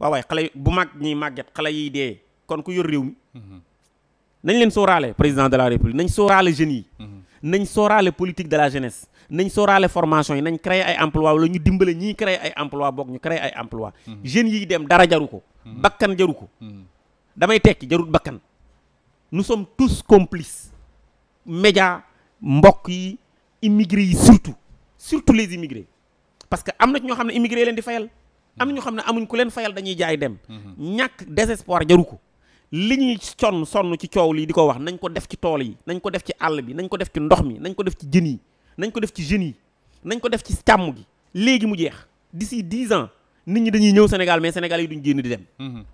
waaw waaye xale bu mag ñiy màgget xale yiy dee kon ku yor réew mi nañ leen sóoraale président de la république nañ sóoraale jeunes yi nañ sóoraale politique de la jeunesse nañ sóoraale formation yi nañ créer ay emploi wala ñu dimbale ñiy créer ay emploi boog ñu créer ay emploi jeunes yiy dem dara jaru ko bakkan jaru ko damay tekki jarut bakkan nous sommes tous complices médias mbokk yi immigré yi surtout surtout les immigrés parce que am na ci ñoo xam ne immigré am na ñu xam ne amuñ ku leen fayal dañuy jaay dem. ñàkk désespoir jaru ko. li ñuy sonn sonn ci coow lii di ko wax nañ ko def ci tool yi nañ ko def ci àll bi nañ ko def ci ndox mi nañ ko def ci jën yi nañ ko def ci jeunes yi nañ ko def ci càmm gi léegi mu jeex d'ici dix ans nit ñi dañuy ñëw Sénégal mais Sénégal yi duñ génn di dem. Mm-hmm.